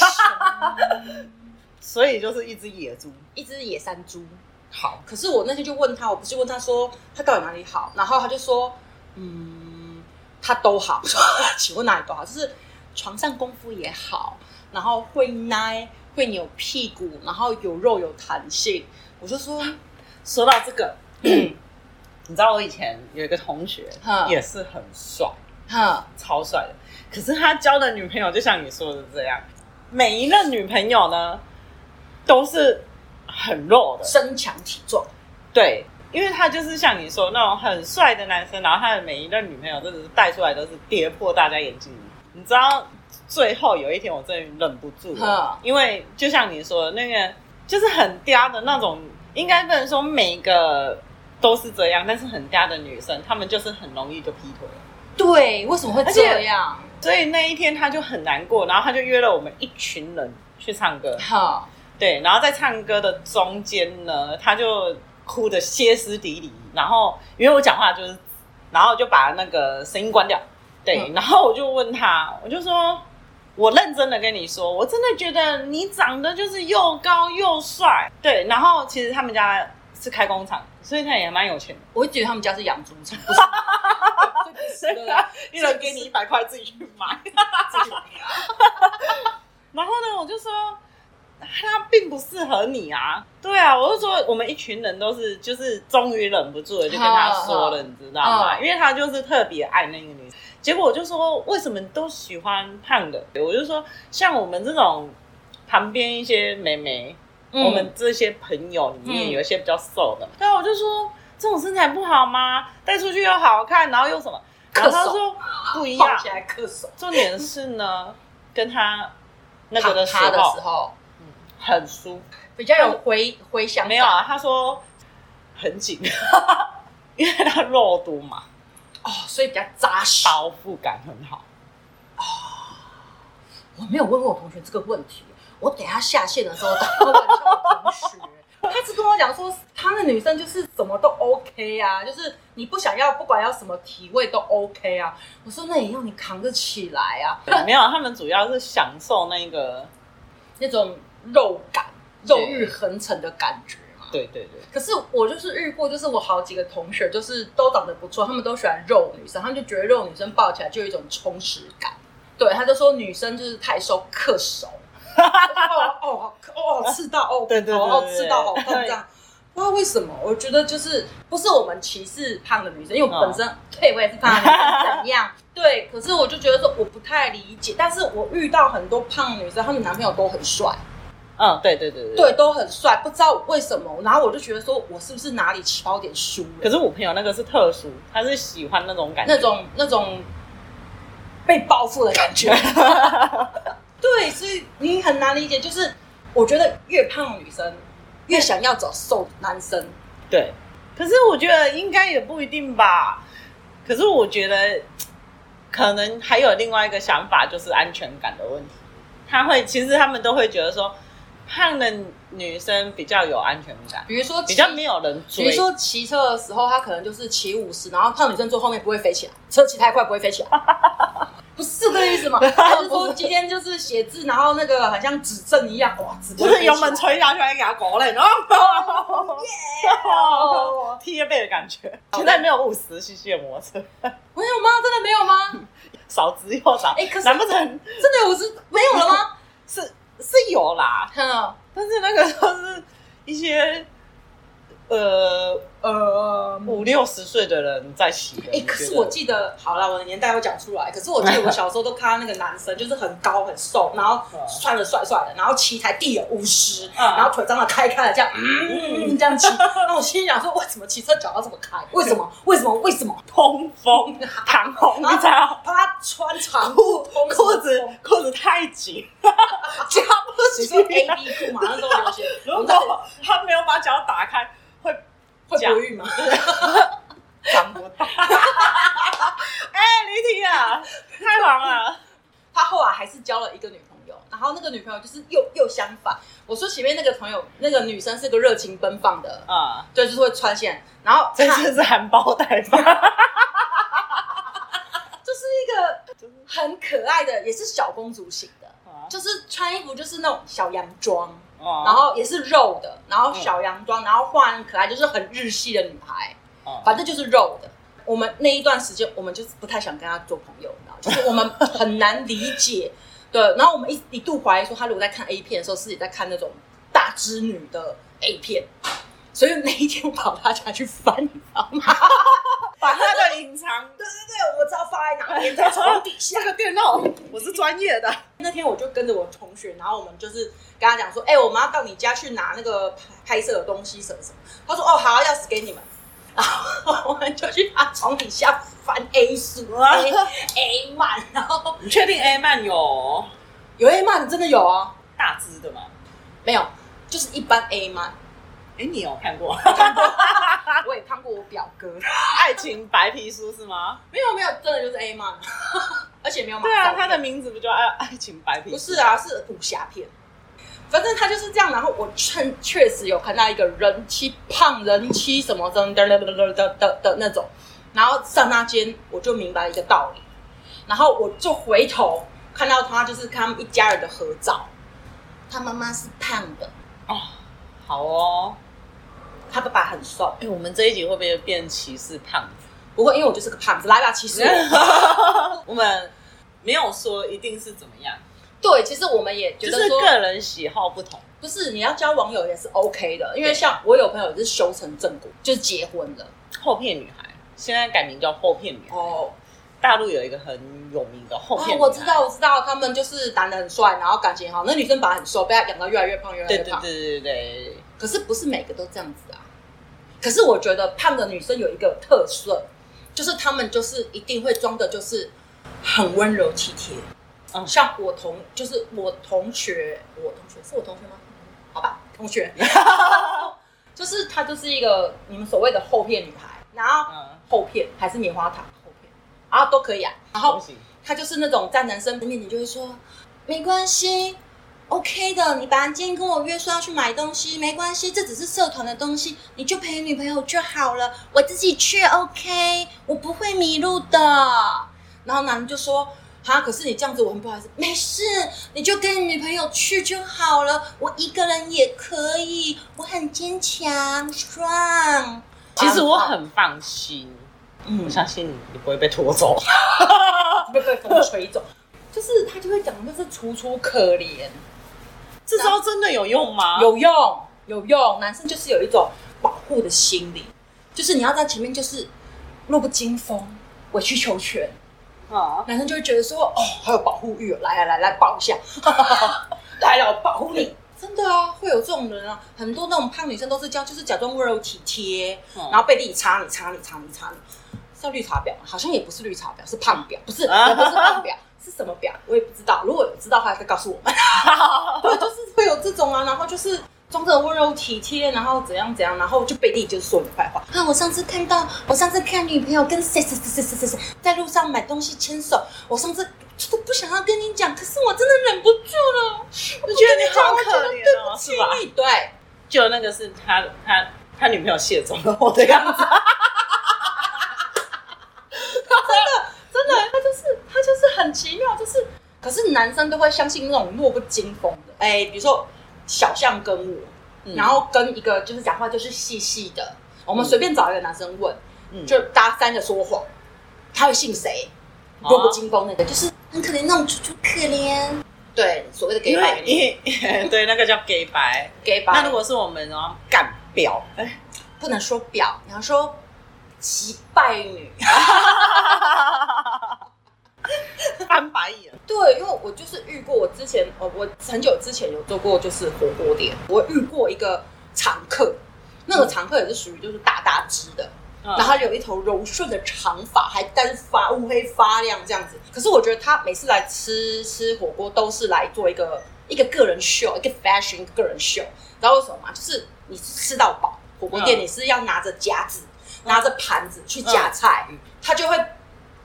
所以就是一隻野豬，一隻野山豬。好，可是我那天就問他，我不是問他說他到底哪裡好，然後他就說，嗯，他都好。我說，請問哪裡都好，就是床上功夫也好，然後會捏會扭屁股，然後有肉有彈性。我就說說到這個， <coughs> 你知道我以前有一個同學也是很帥，哈，超帥的。可是他交的女朋友就像你說的這樣，每一任女朋友呢都是。很弱的，身強體壯。對，因為他就是像你說那種很帥的男生，然後他的每一任女朋友都是，帶出來都是跌破大家眼鏡。你知道，最後有一天我真的忍不住了，因為就像你說的那個，就是很嗲的那種，應該不能說每一個都是這樣，但是很嗲的女生，他們就是很容易就劈腿。對，為什麼會這樣？所以那一天他就很難過，然後他就約了我們一群人去唱歌。好。對，然後在唱歌的中間呢，他就哭的歇斯底里。然後因為我講話就是，然後就把那個聲音關掉。對、嗯，然後我就問他，我就說，我認真的跟你說，我真的覺得你長得就是又高又帥。對，然後其實他們家是開工廠，所以他也蠻有錢的，我我覺得他們家是養豬場，哈哈對不是 <laughs> 對？一人給你一百塊，自己去買，哈哈哈哈，然後呢，我就說。他並不適合你啊！對啊，我就說，我們一群人都是，就是終於忍不住了，就跟他說了，你知道嗎？因為他就是特別愛那個女生，結果我就說，為什麼都喜歡胖的？我就說，像我們這種旁邊一些妹妹，嗯、我們這些朋友裡面有一些比較瘦的，對、嗯、啊，我就說這種身材不好嗎？帶出去又好看，然後又什麼？然後他說不一樣，重點是呢， <laughs> 跟他那個的時候。很舒，比較有回有回想。沒有啊，他說很緊， <laughs> 因為他肉多嘛。哦，所以比較扎實，包覆感很好。哦，我沒有問問我同學這個問題，我等他下,下線的時候再問同學。 <laughs> 他只跟我講說,說，他那女生就是什麼都 OK 啊，就是你不想要，不管要什麼體位都 OK 啊。我說那也要你扛得起來啊。對沒有、啊，他們主要是享受那個 <laughs> 那種。肉感、肉慾橫陳的感覺嘛？對對對。可是我就是遇過，就是我好幾個同學，就是都長得不錯，他們都喜歡肉女生，他們就覺得肉女生抱起來就有一種充實感。對，他就說女生就是太瘦克手， <laughs> 哦好哦哦，刺到哦，哦哦 <laughs> 對，對，對，對對哦，刺到哦，好這樣，不知道為什麼，我覺得就是不是我們歧視胖的女生，因為我本身、哦、對，我也是胖的女生。怎樣？ <laughs> 對，可是我就覺得說我不太理解，但是我遇到很多胖的女生，她們男朋友都很帥。嗯，對對對對，對，都很帥，不知道為什麼，然後我就覺得說，我是不是哪裡缺少點書？可是我朋友那個是特殊，他是喜歡那種感覺，那種那種被報復的感覺。 <laughs> <laughs> 對，所以你很難理解，就是我覺得越胖女生越想要找瘦男生，對。可是我覺得應該也不一定吧。可是我覺得可能還有另外一個想法，就是安全感的問題。他會，其實他們都會覺得說。胖的女生比較有安全感，比如說比較沒有人坐。比如說騎車的時候，他可能就是騎五十，然後胖女生坐後面不會飛起來，車騎太快不會飛起來。 <laughs> 不是這個意思嗎？ <laughs> 還是說今天就是寫字，然後那個好像指針一樣，哇， <laughs> 直接油門催下去，來給他搞嘞，然後搞，貼、喔、背、喔喔、的感覺。現在沒有五十 cc 的摩托車， <laughs> 沒有嗎？真的沒有嗎？少之又少。哎、欸，可是難不成真的五十沒有了嗎？是。是有啦看到，但是那個都是一些。呃呃，五六十歲的人在騎。哎、欸，可是我記得，好了，我的年代會講出來。可是我記得我小時候都看到那個男生，就是很高很瘦， <laughs> 然後穿的帥帥的，然後騎台地有五十、嗯，然後腿張的開開了、嗯嗯嗯，這樣嗯這樣騎。那 <laughs> 我心裡想說，為什麼騎車腳要這麼開？為什麼？ <laughs> 為什麼？為什麼？通風，防紅，他穿長褲，褲子褲子太緊，夾、啊、 <laughs> 不是 A B 褲嘛 <laughs> 那時候流行。然後他， <laughs> 他沒有把腳打開。會不孕嗎？長 <laughs> 不大？哎、 <laughs> <laughs> 欸，離題啊， <laughs> 太忙了。他後來、啊、還是交了一個女朋友，然後那個女朋友就是又又相反。我說前面那個朋友，那個女生是個熱情奔放的啊，對、嗯，就，就是會穿線，然後這次是含苞待放， <laughs> <laughs> 就是一個很可愛的，也是小公主型的，嗯、就是穿衣服就是那種小洋裝。然後也是肉的，然後小洋裝，然後畫可愛，就是很日系的女孩。哦，反正就是肉的。我們那一段時間，我們就不太想跟她做朋友，你知道就是我們很難理解。對，然後我們一一度懷疑說，她如果在看 A 片的時候，自己在看那種大織女的 A 片，所以那一天跑她家去翻，你知道嗎？ <laughs> 把那個隱藏、嗯，對對對，我知道放在哪邊，在床底下。電腦， <laughs> 我是專業的。 <laughs> 那天我就跟着我同學，然後我們就是跟他講說，哎、欸，我們要到你家去拿那個拍攝的東西什麼什麼。他說，哦，好，鑰匙給你們。然後我們就去把床底下翻 A 書啊，A 漫。然後你確定 A 漫有？有 A 漫真的有啊、哦？大隻的嗎？沒有，就是一般 A 漫。哎、欸，你有看過？ <laughs> 我也看過，我表哥《 <laughs> 愛情白皮書》是嗎？ <laughs> 沒有沒有，真的就是 A man， <laughs> 而且沒有嗎，對啊，他的名字不就愛愛情白皮書。不是啊，是武俠片。反正他就是這樣。然後我確確實有看到一個人妻胖人妻什麼什麼的的的的的那種。然後剎那間，我就明白一個道理。然後我就回頭看到他，就是他們一家人的合照。他媽媽是胖的哦。好哦。他爸爸很瘦。欸，我們這一集會不會變歧視胖子？不會，因為我就是個胖子。來吧，其 <laughs> 實 <laughs> 我們沒有說一定是怎麼樣。對，其實我們也覺得說、就是、個人喜好不同，不、就是你要交網友也是 OK 的，因為像我有朋友就是修成正果，就是結婚了。厚片女孩現在改名叫厚片女孩哦，大陸有一個很有名的厚片。哦，我知道，我知道，他們就是男的很帥，然後感情好，那女生爸很瘦，被他養到越來越胖，越來越胖，對對對，對，對，對。可是不是每個都這樣子啊，可是我覺得胖的女生有一個特色，就是她們就是一定會裝的，就是很溫柔體貼。嗯，像我同就是我同學，我同學是我同學嗎？好吧，同學， <laughs> 就是她就是一個你們所謂的厚片女孩，然後厚片還是棉花糖厚片啊都可以啊，然後她就是那種在男生的面前就會說沒關係。OK 的，你本來今天跟我約說要去買東西，沒關係，這只是社團的東西，你就陪女朋友就好了，我自己去 OK，我不會迷路的。然後男人就說：“好，可是你這樣子我很不好意思。”沒事，你就跟你女朋友去就好了，我一個人也可以，我很堅強，strong。其實我很放心，嗯，我相信你不會被拖走，不 <laughs> 會被，被風吹走。就是他就會講，就是楚楚可憐。這招真的有用嗎？有用，有用。男生就是有一種保護的心理，就是你要在前面就是弱不禁風、委曲求全啊、嗯，男生就會覺得說哦，還有保護欲、哦，來來來來抱一下， <laughs> 來了，我保護你，你。真的啊，會有這種人啊，很多那種胖女生都是叫就是假裝溫柔體貼，嗯、然後背地裡插你插你插你插你，叫綠茶婊，好像也不是綠茶婊，是胖婊，不是、啊、也不是胖婊。是什麼表，我也不知道，如果有知道的話再告訴我們。對， <laughs> 就是會有這種啊，然後就是裝着溫柔體貼，然後怎樣怎樣，然後就背地裡就是說你壞話。啊，我上次看到，我上次看女朋友跟誰誰誰誰誰在路上買東西牽手，我上次都不想要跟你講，可是我真的忍不住了。我覺得你好可憐哦，是吧？對，就那個是他他他女朋友卸妝了，我的這樣子。 <laughs> 是，可是男生都會相信那種弱不禁風的，哎，比如說小象跟我，嗯，然後跟一個就是講話就是細細的，嗯，我們隨便找一個男生問，嗯、就搭三個說謊，他會信誰？弱，嗯，不禁風那個，就是很可憐那種楚楚可憐，對，所謂的假掰，對，那個叫假掰假掰。那如果是我們然後幹婊，哎，不能說婊，你要說機掰女。 <laughs> <laughs> 翻白眼， <laughs> 對，因為我就是遇過，我之前，我我很久之前有做過就是火鍋店，我遇過一個常客，那個常客也是屬於就是大大只的，嗯，然後他有一頭柔順的長髮，還單發烏黑發亮這樣子，可是我覺得他每次來吃吃火鍋都是來做一個一個個人秀，一個 fashion 一個個人秀，你知道為什麼嗎？就是你吃到飽，火鍋店你是要拿着夾子，嗯、拿着盤子去夾菜，他，嗯嗯、就會。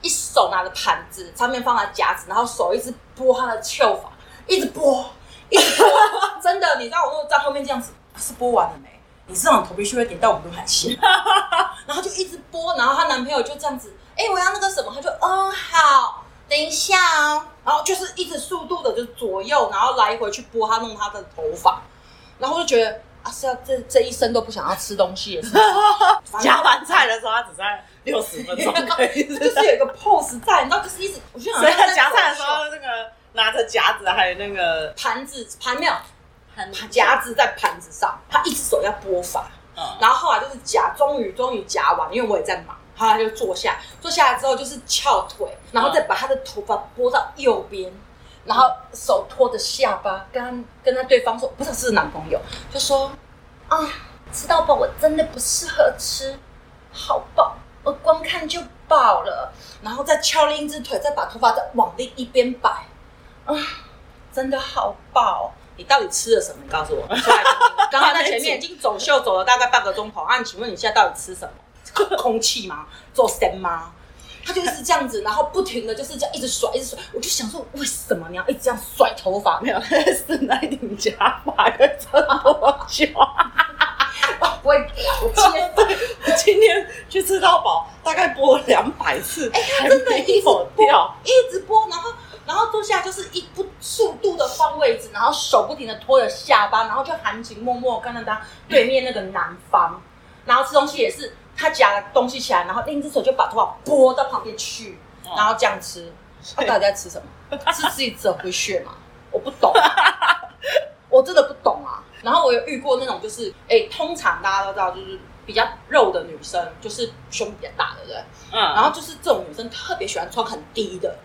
一手拿着盤子，上面放着夾子，然後手一直撥她的秀髮，一直撥，一直撥。 <laughs> <laughs> 真的，你知道我如果在後面這樣子、啊，是撥完了沒？你知道我頭皮屑會點到我們的盤子。 <laughs> 然後就一直撥，然後她男朋友就這樣子，哎、欸，我要那個什麼，他就嗯、哦、好，等一下哦。 <laughs> 然後就是一直速度的，就左右，然後來回去撥她弄她的頭髮，然後我就覺得啊，是要這這一生都不想要吃東西是是。夾 <laughs> 完菜的時候，他只在。六十分鐘， <laughs> 就是有一個 pose 在，你知道， <laughs> 就是一直。我就像所以，他夾菜的時候，那個拿着夾子、嗯，還有那個盤子盤，沒有盤夾子在盤子上，他一隻手要撥髮，嗯，然後後來就是夾，終於終於夾完，因為我也在忙，後他就坐下，坐下來之後就是翹腿，然後再把他的頭髮撥到右邊、嗯，然後手托着下巴，跟跟他對方說，不是，是男朋友，就說啊、嗯，吃到飽我真的不適合吃，好飽。我光看就爆了，然後再翹另一隻腿，再把頭髮再往另一邊擺，啊，真的好爆，哦！你到底吃了什麼？你告訴我。 <laughs> 剛剛在前面已經走秀走了大概半個鐘頭，那、 <laughs> 啊、請問你現在到底吃什麼？ <laughs> 空氣嗎？做聲嗎？他就是這樣子，然後不停的就是這樣一直甩，一直甩。我就想說，為什麼你要一直這樣甩頭髮？沒有，是那頂假髮的做我笑。， <laughs> <laughs> 不會掉。我 <laughs> 今天去吃到飽，大概撥了兩百次，哎、欸、呀，真的一直播沒播掉，一直撥，然後然後坐下就是一不速度的換位置，然後手不停的拖着下巴，然後就含情脈脈跟着他對面那個男方，嗯、然後吃東西也是他夾了東西起來，然後另一隻手就把頭髮撥到旁邊去、嗯，然後這樣吃。他、啊、到底在吃什麼？是 <laughs> 自己走回血嗎？我不懂，我真的不懂啊。然後我有遇過那種，就是哎、欸，通常大家都知道，就是比較肉的女生，就是胸部比較大的人，嗯，然後就是這種女生特別喜歡穿很低的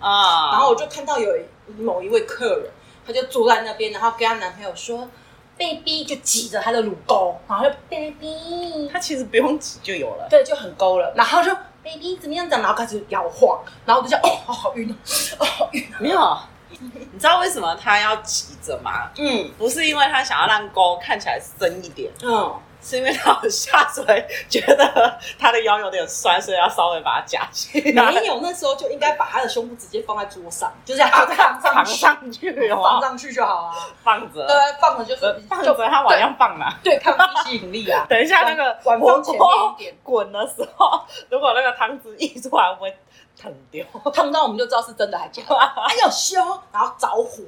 啊、嗯。然後我就看到有某一位客人，她就坐在那邊，然後跟她男朋友說：“baby，就擠着她的乳溝。”然後就：“baby，她其實不用擠就有了，對，就很勾了。”然後就：“baby，怎麼樣？怎樣？”然後開始搖晃，然後我就：“哦、oh, oh，好暈，哦、oh，好暈沒有。 <laughs> 你知道為什麼他要急着嗎？嗯，不是因為他想要讓溝看起來深一點，嗯，是因為他下水覺得他的腰有點酸，所以要稍微把它夾起來。 <laughs> 沒有，那時候就應該把他的胸部直接放在桌上，就這樣躺上放上去，啊、上去，放，上去放上去就好啊，放着，對，放着就是放着他往上放嘛，對，看有吸引力啊。 <laughs> 等一下那個碗鋒前面一點滾的時候，如果那個湯汁溢出來，我。很到， <laughs> 我們就知道是真的還是假的， <laughs> 還要削，然後着火，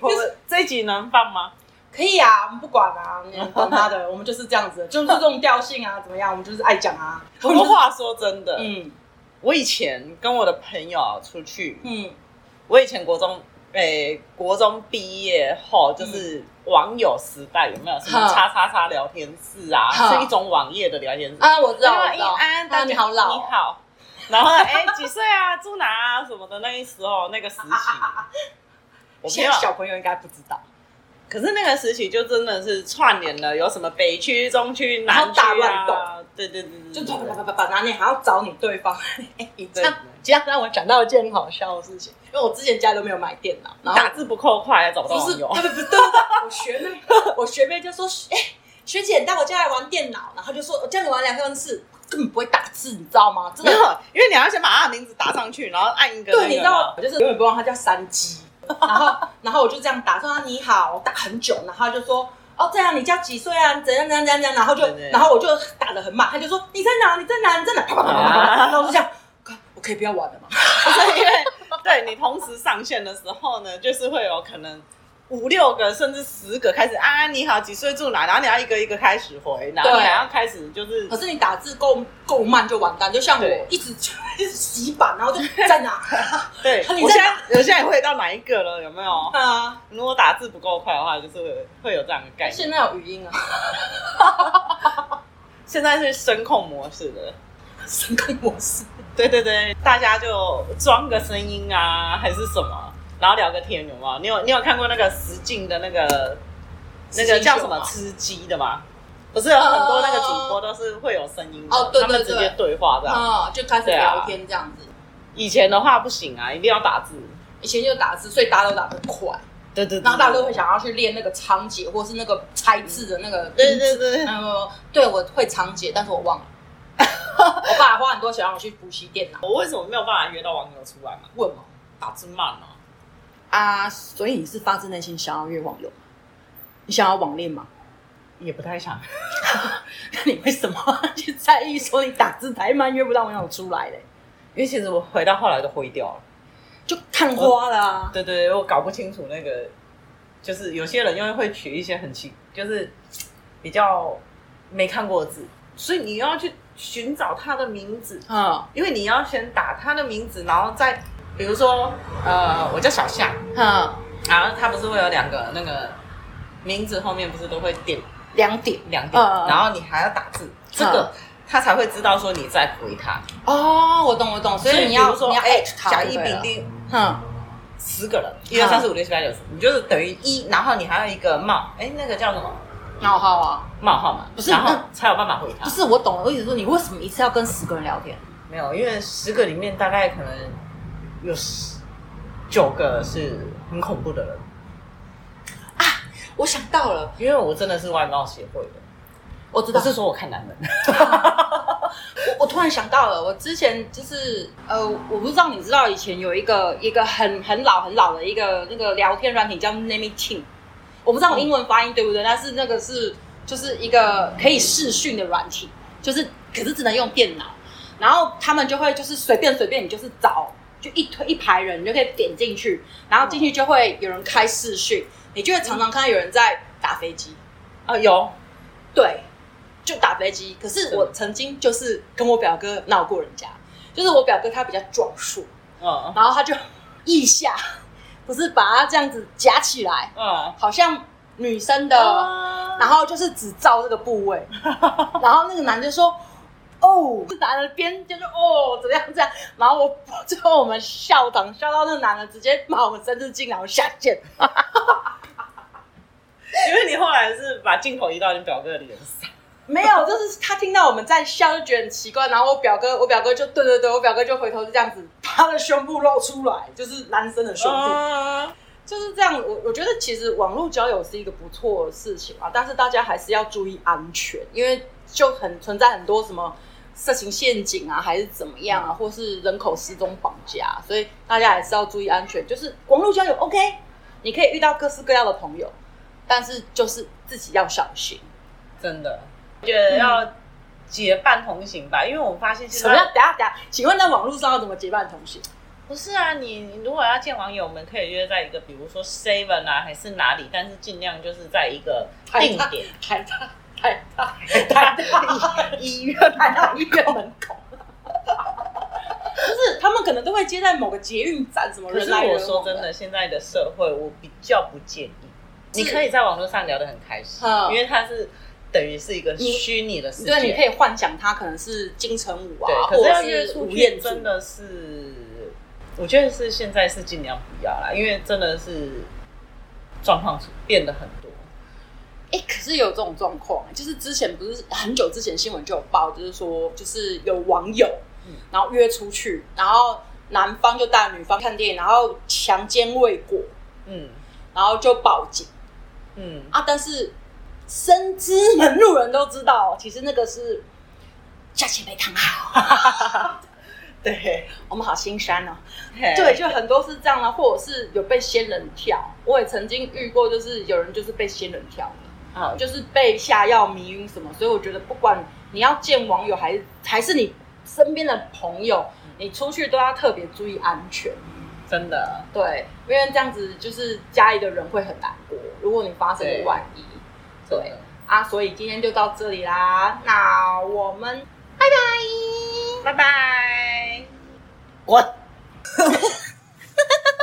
就 <laughs> 是這一集能放嗎？可以啊，我們不管啊，我們管他的， <laughs> 我們就是這樣子，就是這種調性啊， <laughs> 怎麼樣？我們就是愛講啊，普通、就是、話說真的。嗯，我以前跟我的朋友出去，嗯，我以前國中。為、欸、國中畢業後就是網友時代，有沒有什麼叉叉叉聊天室啊？Huh. 是一種網頁的聊天室，huh. 啊，我知道，你好，啊，你好老，然後哎，欸，幾歲啊，住哪啊，什麼的？那時候那個時期， <laughs> 我們小朋友應該不知道，可是那個時期就真的是串聯了，有什麼北區、中區、南區、啊、大、亂鬥對對對對就就，就叭叭叭叭拿你，還要找你對方。嗯、欸、你這樣，今天讓我講到一件很好笑的事情，因為我之前家裡都沒有買電腦，然後打字不夠快找，找不到就是，哈、嗯嗯嗯、 <laughs> 我學妹，我學妹就說，哎、欸，學姐到我家來玩電腦，然後就說，我叫你玩兩件事，根本不會打字，你知道嗎？真的，因為你要先把他的名字打上去，然後按一個、那個。對，你知道，就是不忘他叫山雞。然後，然後我就這樣打說他你好，我打很久，然後就說。哦，這樣、啊，你家幾歲啊？怎樣怎樣怎樣，怎樣？然後就對對對，然後我就打得很慢，他就說，你在哪？你在哪？你在哪？在哪 <laughs> <laughs> 然後我就這樣，哥，我可以不要玩了嗎？ <laughs> <laughs> 因為對你同時上線的時候呢，就是會有可能。五六個甚至十個開始啊！你好，幾歲住哪？然後你要一個一個開始回，然後你要開始就是，啊。可是你打字夠夠慢就完蛋，就像我一直一直洗板，然後就在哪？ <laughs> 對哪，我現在我現在也回到哪一個了？有沒有？啊，如果打字不夠快的話，就是會，會有這樣的概念。現在有語音啊， <laughs> 現在是聲控模式的聲控模式。對對對，大家就裝個聲音啊，還是什麼？然後聊個天，有嗎有？你有你有看過那個實境的那個那個叫什麼、啊、吃雞的嗎？不是有很多那個主播都是會有聲音的、呃，他們直接對話、哦對對對直接對話嗯、這樣，就開始聊天、啊、這樣子。以前的話不行啊，一定要打字。以前就打字，所以大家都打得不快。對對對。然後大家都會想要去練那個倉頡，或是那個猜字的那個。對對對。呃，對，我會倉頡，但是我忘了。 <laughs> 我爸花很多錢讓我去補習電腦。我為什麼沒有辦法約到網友出來嘛？問嗎、哦？打字慢啊、哦。啊，所以你是發自內心想要約網友，你想要網戀嗎？也不太想。 <laughs> 那你為什麼去在意？說你打字太慢，約不到網友出來嘞？ <laughs> 因為其實我回到後來都灰掉了，就看花了、啊。對對對，我搞不清楚那個，就是有些人因為會取一些很奇，就是比較沒看過的字，所以你要去尋找他的名字。嗯，因為你要先打他的名字，然後再。比如說，呃，我叫小夏。嗯，然後他不是會有兩個那個名字後面不是都會點兩點兩點、嗯，然後你還要打字，嗯、這個、嗯、他才會知道說你在回他。哦，我懂我懂，所以，所以比如你要比如說甲乙、欸 H、丙丁，嗯，十個人，一、二、三、四、五、六、七、八、九、十，你就是等於一，然後你還要一個冒，哎，那個叫什麼？冒號啊？冒號嘛？不是，然後、嗯、才有辦法回他。不、就是，我懂了。我意思說，你為什麼一次要跟十個人聊天？沒有，因為十個裡面大概可能。有十九個是很恐怖的人啊！我想到了，因為我真的是外貌協會的，我知道我是說我看男人。 <laughs> <laughs> 我我突然想到了，我之前就是呃，我不知道你知道以前有一個一個很很老很老的一個那個聊天軟體叫 Namitim，我不知道我英文發音對不對？嗯，但是那個是就是一個可以視訊的軟體，就是可是只能用電腦，然後他們就會就是隨便隨便你就是找。就一推一排人，你就可以點進去，然後進去就會有人開視訊、嗯，你就會常常看到有人在打飛機，啊，有，對，就打飛機。可是我曾經就是跟我表哥鬧過人家，就是我表哥他比較壯碩、嗯，然後他就腋下不是把他這樣子夾起來、嗯，好像女生的、嗯，然後就是只照這個部位， <laughs> 然後那個男的說。哦，這男的邊就說哦，怎麼樣這樣？然後我最後我們笑堂笑到那男的直接把我們三支鏡頭下線，哈哈哈，哈！哈因為你後來是把鏡頭移到你表哥的臉上，沒有，就是他聽到我們在笑，就覺得很奇怪。然後我表哥，我表哥就對對對，我表哥就回頭這樣子，他的胸部露出來，就是男生的胸部，呃、就是這樣。我我覺得其實網絡交友是一個不錯的事情啊，但是大家還是要注意安全，因為就很存在很多什麼。色情陷阱啊，還是怎麼樣啊，嗯、或是人口失蹤綁架，嗯、所以大家還是要注意安全。就是網絡交友 OK，你可以遇到各式各樣的朋友，但是就是自己要小心，真的，我覺得要結伴同行吧。嗯、因為我們發現在，等下等下等下，請問在網絡上要怎麼結伴同行？不是啊，你如果要見網友，我們可以約在一個，比如說 Seven 啊，還是哪裡，但是盡量就是在一個定點，開怕。太大，太大 <laughs> 醫院，太大醫院門口，就 <laughs> <laughs> 是他們可能都會接在某個捷運站什麼。可是我說真的，現在的社會我比較不建議。你可以在網絡上聊得很開心，嗯、因為它是等於是一個虛擬的世界，嗯對，你可以幻想它可能是金城武啊，或者是吳彥祖，真的是，我覺得是現在是儘量不要啦，因為真的是狀況變得很多。哎，可是有這種狀況，就是之前不是很久之前新聞就有報，就是說，就是有網友、嗯，然後約出去，然後男方就帶女方看電影，然後強姦未果，嗯，然後就報警，嗯啊，但是深知門路人都知道、哦，其實那個是價錢沒談好， <laughs> <laughs> 對，我們好心酸哦。Okay. 對，就很多是這樣啊，或者是有被仙人跳，我也曾經遇過，就是有人就是被仙人跳。啊，就是被下藥迷暈什麼，所以我覺得不管你要見網友還是還是你身邊的朋友，你出去都要特別注意安全。真的。對，因為這樣子就是家裡的人會很難過，如果你發生萬一。對，對。啊，所以今天就到這裡啦，那我們拜拜，拜拜。我。哈哈哈。